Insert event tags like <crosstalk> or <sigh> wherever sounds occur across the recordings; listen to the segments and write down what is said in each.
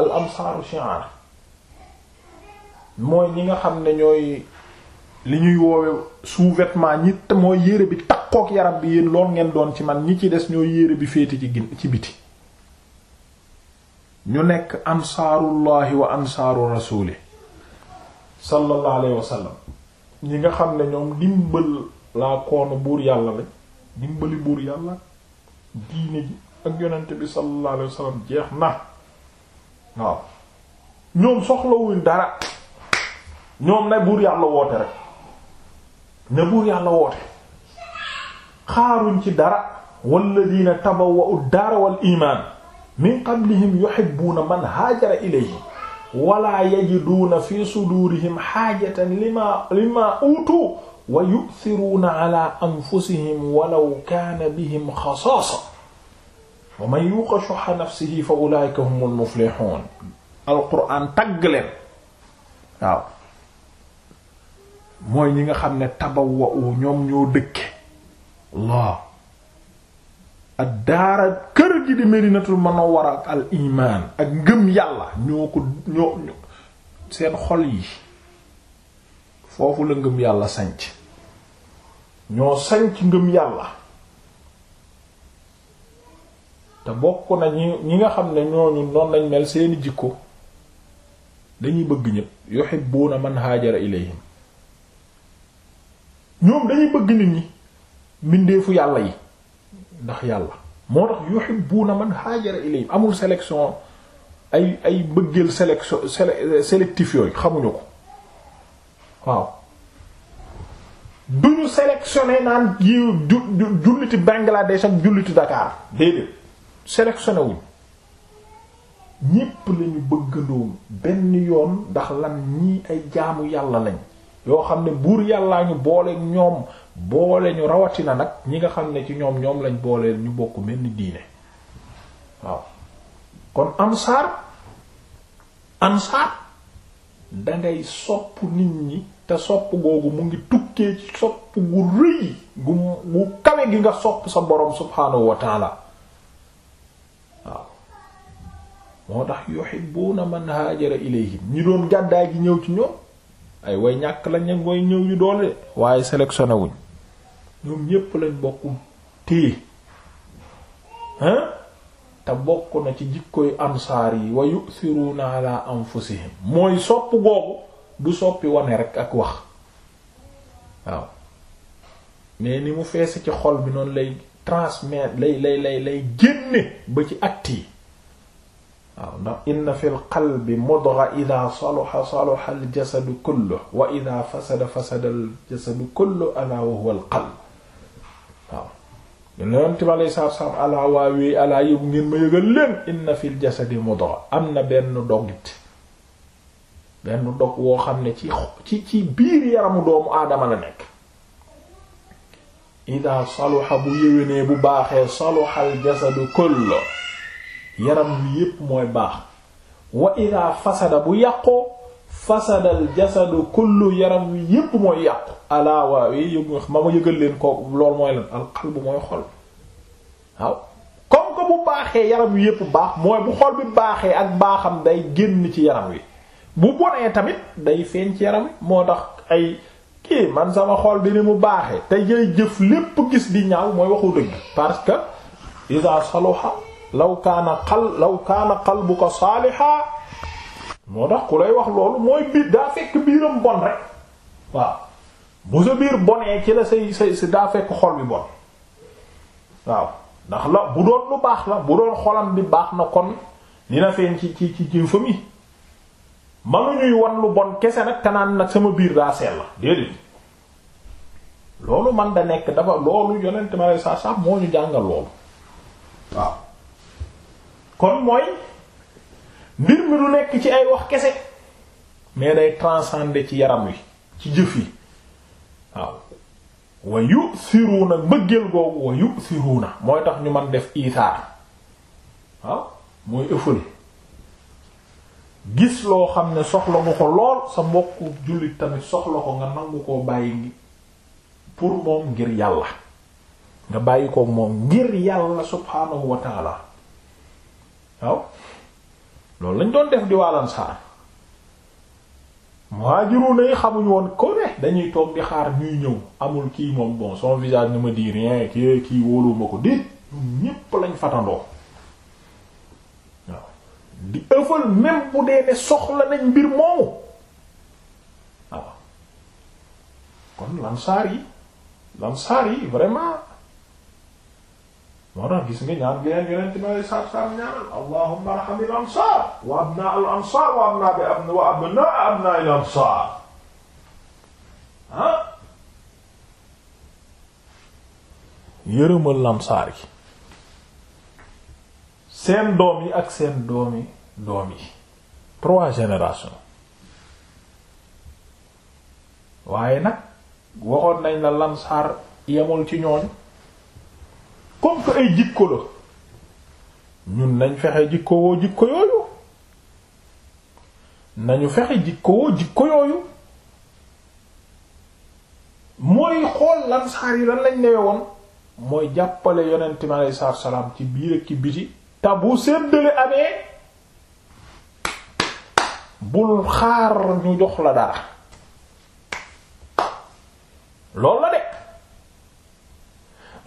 al ansaaru shi'ar mooy ñi nga xam ne ñooy li ñuy woowe sous-vêtement ñi mooy yére bi takkook yaram bi yéen lool ngeen doon ci man ñi ci des ñooy yére bi féete ci gin ci biti ñu nekk ansaarullahi wa ansaaru rasuli sallallahu alayhi wa sallam ñi nga xam ne ñoom dimbal laa koonu buur yàlla la dimbali buur yàlla diine ji ak yonente bi sallallahu wa sallam jeex na waaw ñoom soxlawuñ dara ñoom na buur yàlla woote rek na buur yàlla woote xaaruñ ci dara walladina tabawwa'u ad-daara wal iimaan min qablihim yuhibbuuna man haajara ilayhim wala yajiduuna fi suduurihim haajatan lima lima uutu wa yu'thiruuna ala anfusihim walaw kaana bihim xasaasa wa man yuuqa shuhha nafsihi fa ulaa'ika humul muflihun alquran tagg leen waaw mooy ñi nga xam ne tabawwa'u ñoom ñoo dëkke Allah ad daara kër gi di Madinatul Munawwara ak al iman ak ngëm yàlla ñoo ko ñoo seen xol yi foofu la ngëm yàlla sanc ñoo sanc ngëm yàlla te bokk na ñi ñi nga xam ne ñooñu noonu lañ mel seeni jikko dañuy bëgg ñépp yuhibbuna man haajara ilayhim ñoom dañuy bëgg nit ñi mbindeefu yàlla yi ndax yàlla moo tax yuhibbuna man haajara ilayhim amul sélection ay ay bëggeel sélection sélectif yooyu xamuñu ko waaw duñu sélectionné naan yi julliti Bangladesh ak julliti Dakar déedéet sélectionné wuñ ñépp lañu bëggandoo benn yoon ndax lan ñii ay jaamu yàlla lañ yoo xam ne buur yàlla ñu boole ñoom boole ñu rawatina nag ñi nga xam ne ci ñoom ñoom lañ boole ñu bokk mel benn diine waaw kon ansaar ansaar dangay sopp nit ñi te sopp googu mu ngi tukkee ci sopp gu rëy gu kawe gi nga sopp sa borom subhaanahu wa moo tax bu na yuhibbuuna man haajara ilayhim ñu doon gàddaay gi ñëw ci ñoom ay way ñàkk lañ ak way ñëw yu doole waaye sélectionné wuñ ñoom ñépp lañ bokkum téye hein te bokk na ci jikkoy ansaar yi wa yu'thiruuna ala anfusihim mooy sopp boobu du soppi wane rek ak wax waaw mais ni mu feese ci xol bi noonu lay transmettre lay lay lay lay ba ci acte yi waaw ndax inna fi mudgha ida saluxa saluxa aljasadu kullu wa ida fasada fasada aljasadu kullu ala wa huwa alqalb bi alei saatu salaam alaa waawee alaa yëgu ngeen ma yëgal leen inna fi ljasadi mudgha am na benn dogit benn dog woo xam ne ci ci biir yaramu doomu aadama la nekk ida saluxa bu yéwénee bu baaxee saluxa aljasadu kullu yaram wi yépp mooy baax wa ida fasada bu yàqoo fasadal jasadu kullu yaram wi yépp mooy yàqu alaa waaw eh, yëg ma ma yëgal leen ko lool mooy lan al qalbu mooy xol waaw comme que bu baaxee yaram wi yépp baax mooy bu xol bi baaxee ak baaxam day génn ci yaram wi bu bonee tamit day feeñ ci yaram wi moo tax ay kii man sama xol bi ni mu baaxee te jëy jëf lépp gis di ñaaw mooy waxu dëgg parce que isa saluha law kaana xal law kaana qalbuka saaliha moo tax ku lay wax loolu mooy biir daa fekk biiram bon rek waaw bu sa biir bonee ci la say say si daa fekk xol bi bon waaw ndax la bu doon lu baax la bu doon xolam bi baax na kon dina feeñ ci ci ci jëfam yi wan lu bon kese nag kanaan nag sama biir daa sell la déedéet loolu man da nekk dafa loolu yonent ma lay saa saa moo ñu jàngal loolu waaw kon mooy mbir mi du nekk ci ay wax kese mais day transcender ci yaram wi ci jëf yi waaw wa yu'thiruna mbëggeel googu wa yu'thiruna mooy tax ñu man def iitaar waaw mooy ëffale gis loo xam ne soxla nga ko lool sa mbokk jullit tamit soxla ko nga nangu koo bàyyi pour moom ngir yàlla nga bàyyi ko moom ngir yàlla subhaanahu wa ta'ala waaw loolu lañ doon def di waa lansaar muhajiruna yi xamuñu woon ko ne dañuy toog di xaar ñuy ñëw amul kii moom bon son visage ne me dit rien kii kii wóoluwuma ko déet ñépp lañ fatandoo waaw di ëffal même bu dee ne soxla nañ mbir moomu waaw kon lansaar yi lansaar yi vraiment moo tax gis nga ñaan gi leen yonent ma saab saab ñaanal allahumma arham al ansaar wa abnaa al ansaar wa abnaa bi abnaa ansaar ah yërëmal lamsaar yi seen doom yi ak seen doom yi doom yi trois générations waaye nag waxoon nañ la lamsaar yemul ci ñooñ comme que ay jikko la ñun nañ fexe jikko woo jikko yooyu nañu fexe jikko woo jikko yooyu mooy xool lamsaar yi lan lañ newe woon mooy jàppale yonent mi aleyhi salaam ci biir ak ci biti te bu séddale amee bul xaar ñu jox la dara loolu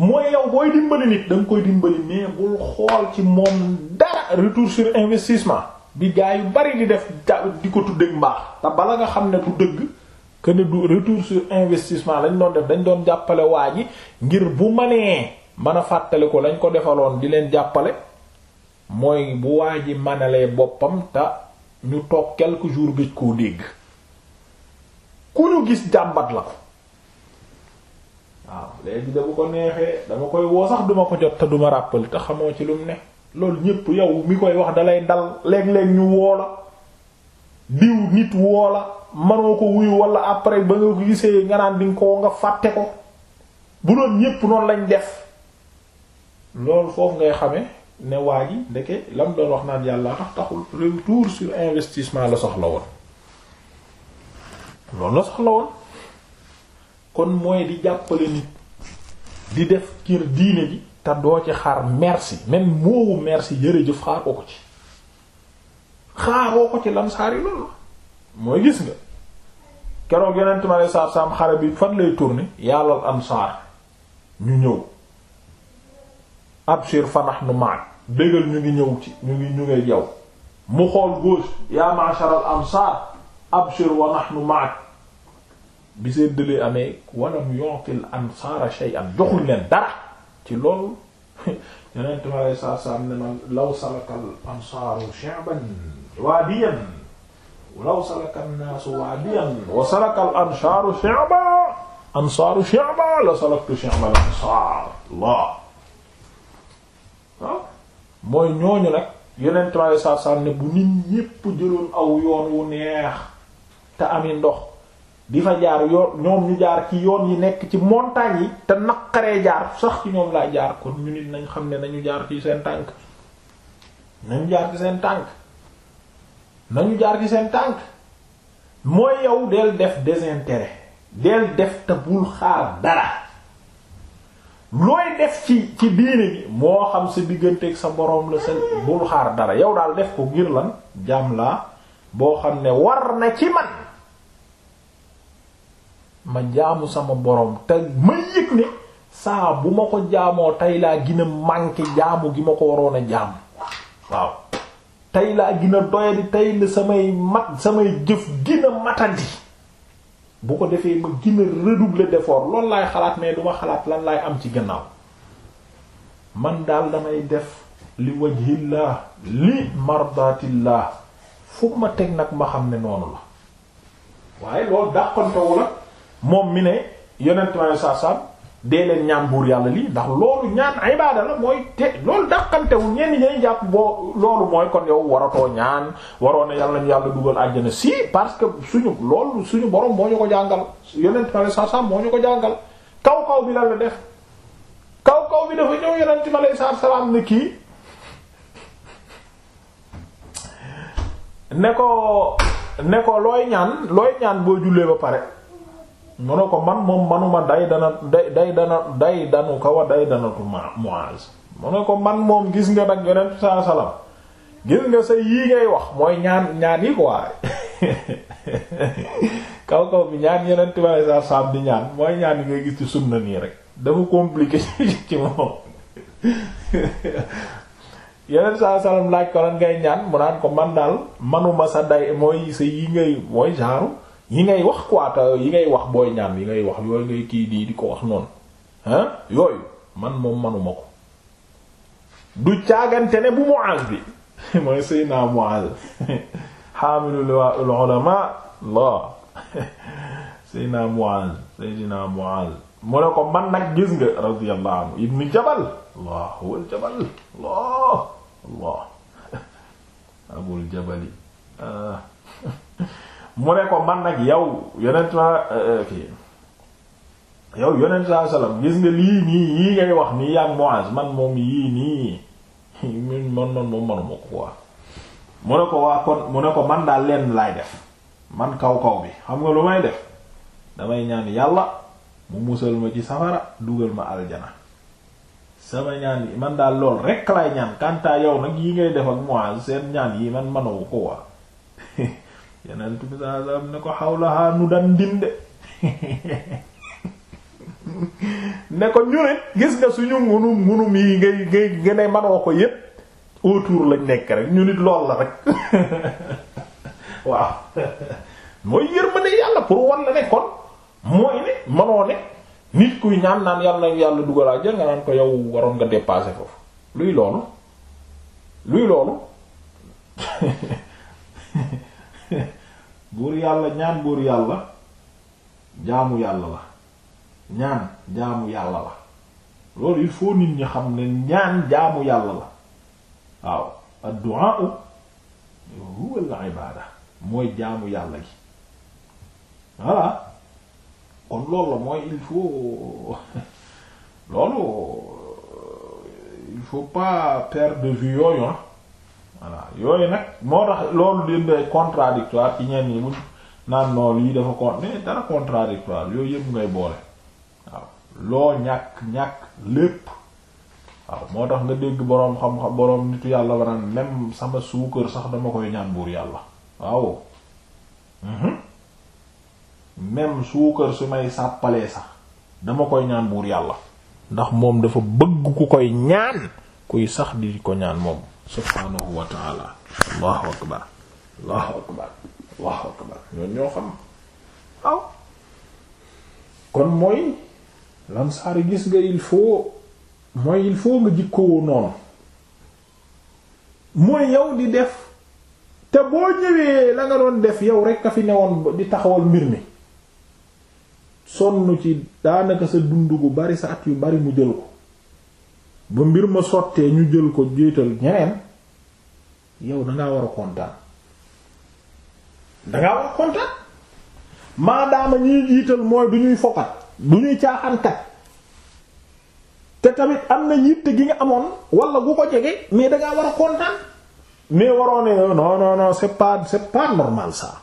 mooy yow booy dimbali nit danga koy dimbali mais bul xool ci moom dara retour sur investissement bi gaa yu bari di def di ko tuddeeg mbaax te bala nga xam ne du dëgg que ne du retour sur investissement lañ doon def dañ doon jàppale waa ji ngir bu manee mën a fàttali ko lañ ko defaloon di leen jàppale mooy bu waa ji manalee boppam te ñu toog quelques jours gëj koo dégg ku ñu gis jàmbat la ko waaw léegi da bu ko neexee dama koy woo sax duma ko jot te duma rappel te xamoo ci lum ne loolu ñépp yow mi koy wax dalay dal léeg-léeg ñu woola diw nit woola manoo ko wuyu wala après ba nga ko gisee nga naan dinga ko nga fàtte ko bu doon ñépp noonu lañ def loolu foofu ngay xame ne waa ji ndeke lam doon wax naan yàlla tax taxul retour sur investissement la soxla woon loolu la soxla woon kon mooy di jàppale nit di def kir diine ji te doo ci xaar merci même moowu merci jërëjëf xaaroo ko ci xaaroo ko ci lamsaar yi loolu mooy gis nga keroog yonent mi alayhi salaatu xare bi fan lay tourner yàllal ansaar ñu ñëw abshir fanahnu ma'ak bégal ñu ngi ñëw ci ñu ngi ñu ngay yow mu xool gauche ya ma'shar al ansaar abshir wa nahnu ma'ak bi seen dëlee amee walam yonqil ansaara shay'an joxul leen dara ci loolu yeneen mi alei saatu ne man law salaka al ansaaru shi'ban waadiyan la salaktu shi'ban ansaar ah. mooy ñooñu nag yeneen mi alei saatu ne bu nit ñépp jëloon aw yoon wu neex te ami ndox di fa jaar ñoom ñu jaar ci yoon yi nekk ci montagne yi te naqaree jaar sax ci ñoom laa jaar kon ñu nit nañ xam ne nañu jaar ci seen tànk nañu jaar ci seen tànk nañu jaar seen tànk mooy yow del def désintérêt del def te bul xaar dara looy def ci ci diine gi moo xam sa digganteeg sa boroom la sa bul xaar dara yow daal def ko ngir lan jaam laa boo xam ne war na ci man ma jaamu sama borom te ma yëg ne saa bu ma ko jaamoo tey laa gën a manqué jaamu gi ma ko waroon a jaamu waaw tey laa gën a doyadi tey la samay mat samay jëf gën a matandi bu ko defee ma gën a redoubler d'effort loolu laay xalaat mais duma xalaat lan laay am ci gannaaw man daal damay def li wajhillah li mardatillah fu ma teg nag ma xam ne noonu la waaye loolu dàqantewul ak moom mi ne yonent ma saa saam dee leen ñaan buur yàlla lii ndax loolu ñaan ay ibaada la mooy te loolu dàqantewul ñenn ñay jàpp boo loolu mooy kon yow waratoo ñaan waroon na yàlla ñu yàlla dugal àjjana si parce que suñu loolu suñu borom moo ñu ko jàngal yonent ma saa saam moo ñu ko jàngal kaw kaw bi def bi dafa ñëw yonent mi aleyhi salaatu salaam kii ne ko ne ko looy ñaan looy ñaan boo jullee ba pare mu ne ko man moom manuma day dana day day dana day danu kaw a day danatu ma Muaz mu ne ko man moom gis nga nag yonent saa salaam gis nga sa yii ngay wax mooy ñaan ñaan yi quoi <laughs> kaw kaw bi ñaan di ñaan mooy ñaan yi ngay gis ci sunna nii rek dafa compliqué <laughs> ci moom yonent saa salaam laaj ko lan ngay ñaan mu naan ko man daal manuma sa day mooy sa yii ngay mooy genre yi ngay wax quoi yi ngay wax booy ñaan yi ngay wax yooyu ngay kii di di ko wax noonu hein yooyu man moom manuma ko du caagante ne bu Muaz bi <laughs> mooy sëy naa xaamilu <laughs> liwaa'il ulamaa Allah <laughs> sëy naa Muaz sayyidina Muaz mu ne ko man nag gis nga radiyallahu ibnu Jabal Allah wal Jabal Allah Allah abul Jabali ah. mu ne ko man nag yow yonent ma eh, kii yow yonent saa salaam gis nga lii nii yii ngay wax nii yaa ngi man moom yii nii <laughs> man man moom manuma ko quoi mu ne ko waa kon mu ne ko man daal lenn laay def man kaw kaw bi xam nga lu may def damay ñaan yàlla mu musal ma ci safara dugal ma aljana sama ñaan man daal lool rekk laay ñaan kantaa yow nag yi ngay def ak Muaz seen ñaan yi man manawu ko waa yenent bi saa saa ne ko xawlahaa nu dan dinde ne ko ñu ne gis nga suñu ngunum ngunum yi ngay ngay gën a manoo ko yépp autour lañ nekk rek ñu nit lool la rek <laughs> waaw mooy yërmande yàlla pour war la ne mooy ne manoo ne nit kuy ñaan naan yàlla nañu yàlla dugalaa jël nga naan ko yow waroon nga dépasser foofu luy loolu luy loolu <laughs> <laughs> buur yàlla ñaan buur yàlla jaamu yàlla la ñaan jaamu yàlla la loolu il faut nit ñi xam ne ñaan jaamu yàlla la waaw ad-du'a yàlla gi voilà loolu la mooy il faut <laughs> loolu euh, il faut pas perdre de vue yooyu voilà yooyu nag moo tax loolu di day contradictoire ci ñenn yi mu naan noonu yi dafa con mais contradictoire yooyu yëpp ngay boole waaw loo ñàkk ñàkk lépp waaw moo tax nga dégg boroom xam-xam boroom nitu yàlla war naan même sama suukar sax dama koy ñaan buur yàlla waaw mhm. même su may sàppalee sax dama koy ñaan buur yàlla ndax moom dafa bëgg ku koy ñaan kuy sax di ko ñaan moom subhaanahu wa taala allahu akbar allahu akbar allahu akbar ñoon ñoo xam waaw kon mooy lamsaar yi gis nga il faut mooy il faut nga jikkoo noonu mooy yow di def te boo ñëwee la nga doon def yow rek a fi newoon di taxawal mbir mi sonn ci daanaka sa dund gu bari sa at yu bari mu jël ko ba mbir ma sottee ñu jël ko jiital ñeneen yow dangaa war a kontaan dangaa war a kontaan maadaama ñuy jiital mooy du ñuy fokat du ñuy caaxaankat te tamit am na yitte gi nga amoon walla gu ko jege mais dangaa war a kontaan mais waroon ne non non non c'est pas c'est pas normal ça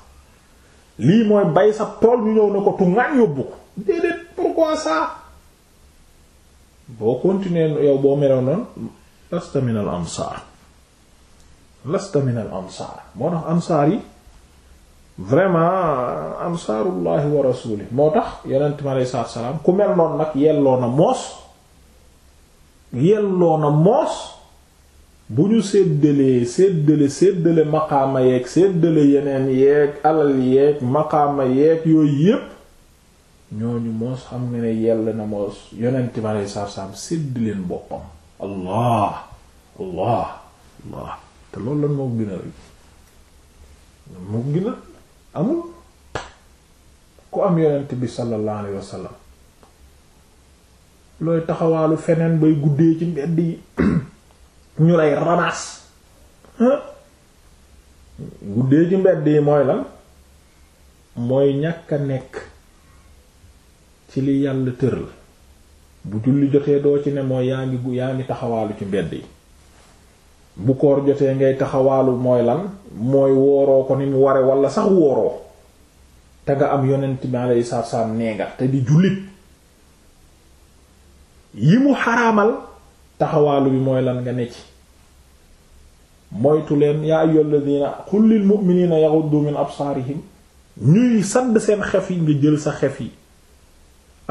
lii mooy bay sa tool ñu ñëw na ko tu ngaan yóbbu ko déedéet pourquoi ça boo continuer yow boo meloon noonu lasta min ansaar lasta min ansaar moo tax ansaar yi vraiment ansaarullahi wa moo tax yonent mi aleyhi salaatu salaam ku mel noonu nag yelloo na moos yelloo na moos bu ñu séddalee séddale séddale maqaama yeeg seddale yeneen yeeg alal yeeg maqaama yeeg yooyu yépp ñooñu moos xam nga ne yell na moos yonent ma lay sarsam sédd leen boppam allah allah allah te loolu lan moo gën a moo gën amul ku am yonent bi sallallahu alayhi wasallam looy taxawaalu feneen bay guddee ci mbedd yi <clears throat> ñu lay ramaas guddee ci mbedd yi mooy lan mooy ñàkk a nekk ci li yàlla tër la bu julli jotee doo ci ne mooy yaa ngi yaa ngi taxawaalu ci mbedd yi bu koor jotee ngay taxawaalu mooy lan mooy wooroo ko ni mu ware wala sax wooroo te nga am yonent bi alayhi te di jullit yi mu xaraamal taxawaalu bi mooy lan nga ne ci moytu leen yaa ayyuhal ladina qul lil mu'minina yaghuddu min absaarihim ñuy sadd seen xef yi nga jël sa xef yi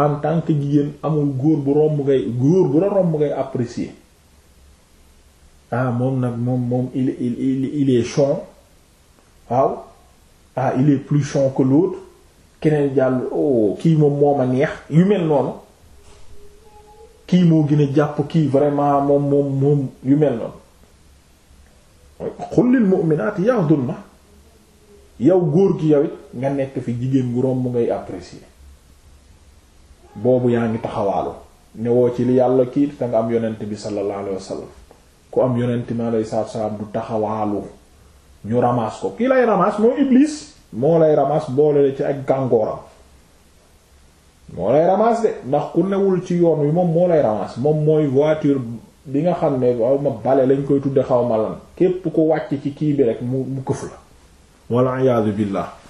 en tant que jigéen amul góor bu romb ngay góor bu romb ngay apprécier ah moom nag moom moom il il il est chon waaw ah, il est plus chon que l'autre keneen jàll oh kii moom moo ma neex yu mel noonu kii moo gën a jàpp kii vraiment moom moom moom yu mel noonu qul lil mu'minati yaghdunna yow góor gi yow nga nekk fi jigéen bu romb ngay apprécier boobu yaa ngi taxawaalu newoo ci li yàlla kii te nga am yonent bi sallallahu alayhi wasallam ku am yonent mi alayhi salaatu wasallam du taxawaalu ñu ramaas ko kii lay ramaas moo iblis moo lay ramaas boole ci ak gàngooram moo lay ramaas de ndax ku newul ci yoon wi moom moo lay ramaas moom mooy voiture bi nga xam ne xaw ma bale lañ koy tudde xaw ma lan képp ku wàcc ci kii bi rek mu mu këf la walla iyaazu billah